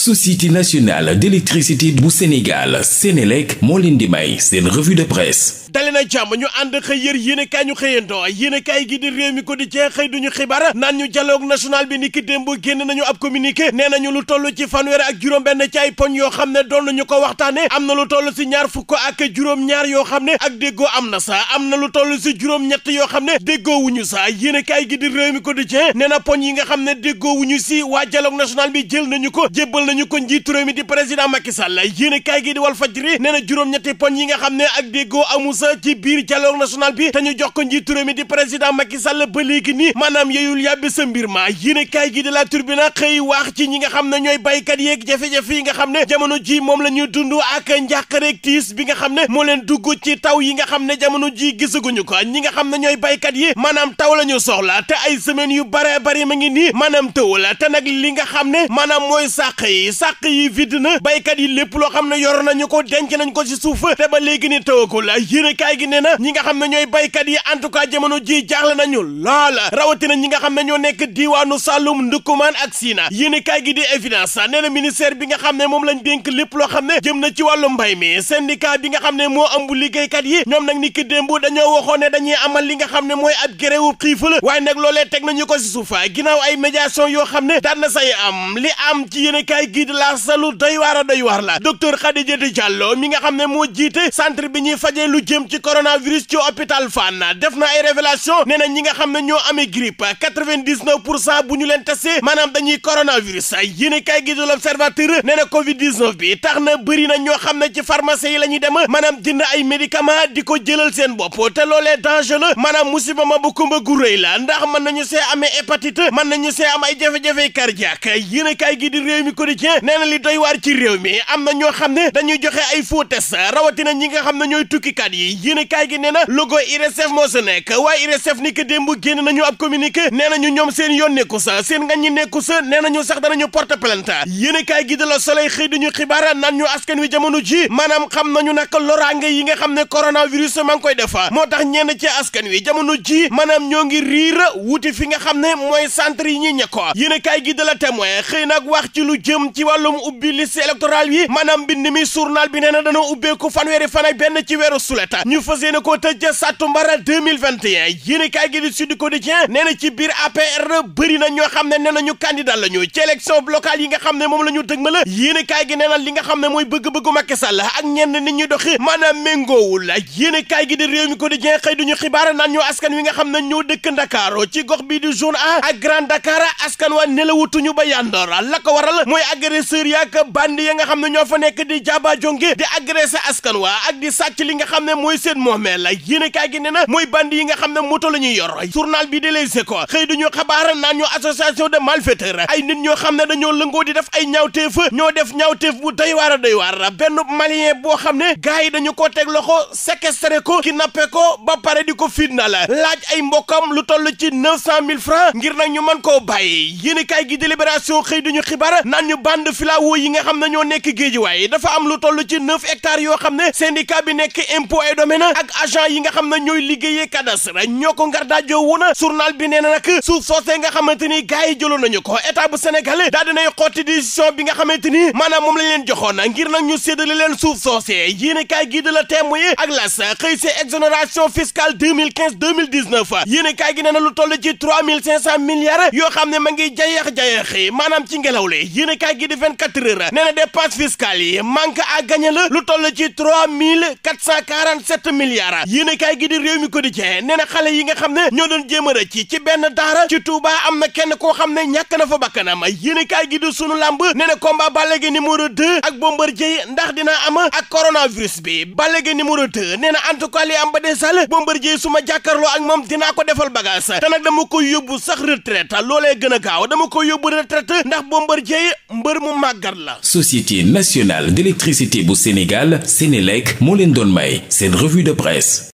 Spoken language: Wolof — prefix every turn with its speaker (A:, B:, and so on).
A: société nationale d'électricité bu Sénégal Sénélec moo leen di may seen revue de presse dali na jàmm ñu ànd xëy yër yéenekaay ñu xëyandoo yéenekaay gi di réew mi ko di cee xëy duñu xibaar naan ñu dialogue national bi niki démb génn nañu ab communiqué nee nañu lu toll ci fanweer ak juróom-benn ci ay poñ yoo xam ne doon nañu ko waxtaane am na lu toll si ñaar fukk ak ñaar yoo xam ne ak déggoo am na sa am na lu toll si yoo xam ne déggoowuñu sa yéenekaay gi di réew mi ko di cee nee na poñ yi nga xam ne déggoowuñu si waa dialogue national bi jël nañu ko jébbal nañu ko njiitu réew di président Macky Sall yéene kaay gi di Walf Fadjri nee na juróom-ñetti poñ yi nga xam ne ak déggoo amusa sa ci biir dialogue national bi te ñu jox ko njiitu réew mi di président Macky Sall ba léegi nii maanaam yeyul yàbbi sa mbir ma yéene gi di La Tribune xëy waax ci ñi nga xam ne ñooy béykat yeeg jafe-jafe yi nga xam ne jamono jii moom la ñuy dund ak njàqareeg tiis bi nga xam ne moo leen dugg ci taw yi nga xam ne jamono jii gisaguñu ko ñi nga xam ne ñooy béykat yi maanaam taw la ñu soxla te ay semaines yu bare bari ma ngi nii maanaam tëw te nag li nga xam ne maanaam mooy sàq yi yi sàq yi vidd na béykat yi lépp loo xam ne yor nañu ko denc nañ ko ci suuf te ba léegi ni tawagul yéenekaay gi ne na ñi nga xam ne ñooy béykat yi en tout cas jamono ji jaaxle nañu lool rawatina ñi nga xam ne ñoo nekk diiwaanu Saloum Ndoukoumane ak Sina yéenekaay gi di évidence nee na ministère bi nga xam ne moom lañ dénk lépp loo xam ne jëm na ci wàllu mbay mi syndicat bi nga xam ne moo ëmb liggéeykat yi ñoom nag ni ki démb dañoo waxoon ne dañuy amal li nga xam ne mooy ab gréwu xiif la waaye nag loolee teg ko ci suuf ginnaaw ay médiation yoo xam ne daan na say am li am ci yéenekaay gii di laas lu doy waar a doy waar la docteur Khadijata Diallo mi nga xam ne moo jiite centre bi ñuy fajee lu jëm ci coronavirus ci hôpital Fann def na ay révélation nee na ñi nga xam ne ñoo amee grippe quatre-vingt-dix-neuf pour bu ñu leen testé maanaam dañuy coronavirus yéen kay gi di l'Observateur nee na Covid 19 bi tax na bëri na ñoo xam ne ci pharmacie yi la ñuy dem maanaam jënd ay médicament di ko jëlal seen bopp te loolee danger la maanaam musiba ma bu kumba gu rëy la ndax mën nañu see amee hépatite mën nañu am ay jafe-jafe cardiaque yéen kay gi Quotidien nee li doy waar ci réew mi am na ñoo xam ne dañuy joxe ay faux rawatina ñi nga xam ne ñooy tukkikat yi yéenekaay gi nee na logo IRSF moo sa nekk waaye IRSF ni ko démb génn nañu ab communiqué nee nañu ñoom seen yoon nekku sa seen ngañ ñi nekku sa nee ñu sax danañu porte plainte yéenekaay gi de la Soleil xëy dañu xibaar naan ñu askan wi jamono ji maanaam xam nañu nag loraange yi nga xam ne coronavirus maa ngi koy defa moo tax ñenn ci askan wi jamono ji maanaam ñoo ngi riir wuti fi nga xam ne mooy centre yi ñuy ñekko yéenekaay gi de la Témoin xëy nag wax ci lu jëm ci wàllum ubbi liste électorale yi maanaam mbind mi journal bi nee na dañoo ubbeeku fanweeri fan ak benn ci weeru sulet ñu fas yéene koo tëj sàttumbara 2021 yéenekaay gi di Sud Quotidien nee ci biir APR bëri na ñoo xam ne nee na ñu candidat la ñu ci élection locale yi nga xam ne moom la ñu dëgmal yéenekaay gi nee na li nga xam ne mooy bëgg-bëggu bëgg Macky Sall ak ñenn nit ñuy doxi maanaam méngoowul yéenekaay gi di Rewmi Quotidien xëy duñu xibaar naan ñu askan wi nga xam ne ñoo dëkk Ndakaaru ci gox bii di zone A ak Grand Dakar askan waa nelawutuñu ba yandoor la ko waral mooy ak agresseur yaak bandi ya nga xam ne ñoo fa nekk di jaaba jonge di agressé askan waa ak di sàcc li nga xam ne mooy seen moomeel la yéene kaay gi ne na mooy bandi yi nga xam ne moto la ñuy yor journal bi di Les Échos xëy dañu xabaar naan ñu association de malfaiteurs ay nit ñoo xam ne dañoo lëngoo di def ay ñaawteef ñoo def ñaw ñaawteef bu doy waar a doy waar benn malien boo xam ne gars yi dañu ko teg loxo séquestré ko kidnappé ko ba pare di ko fitna la laaj ay mbokkam lu toll ci neuf cent mille francs ngir nag ñu mën koo bàyyi yéene kaay gi délibération xëy dañu xibaar naan ñu bande filao yi nga xam ne ñoo nekk géejiwaay dafa am lu toll ci neuf hectares yoo xam ne syndicat bi nekk impôt et domaine ak agent yi nga xam ne ñooy liggéeyee cadastre ñoo ko ngar daajoo woon journal bi nee na nag suuf soosee nga xamante ni gars yi jëloon nañu ko état bu Sénégal daa dinay xotti décision bi nga xamante ni maanaam moom lañ leen joxoon ngir nag ñu séddale leen suuf soosee yéene kaay gii de la témoin ak las xëy see exonération fiscale 2015 2019 yéene kaay gi nee na lu toll ci ne ma ngi jayeex jayeexi maanaam ngelaw li kaay gi di 24 heures nee na dépense fiscale yi manque à gagner la lu toll ci 3 447 milliards yéen kaay gi di réew mi quotidien nee na xale yi nga xam ne ñoo doon jéem a rëcc ci benn daara ci Touba am na kenn koo xam ne ñàkk na fa bakkanam yéen kaay gi di sunu làmb nee na combat Balla Gaye numéro 2 ak Bombardier ndax dina am ak coronavirus bi Balla Gaye numéro 2 nee na en tout cas li am ba desal Bombardier su ma jàkkaarloo ak moom dinaa ko defal bagage te nag dama koy yóbbu sax retraite loolee gën a gaaw dama koy yóbbu retraite ndax Bombardier mbër mu màggat la. société nationale d'électricité bu Sénégal Sénélec moo leen doon may seen revue de presse.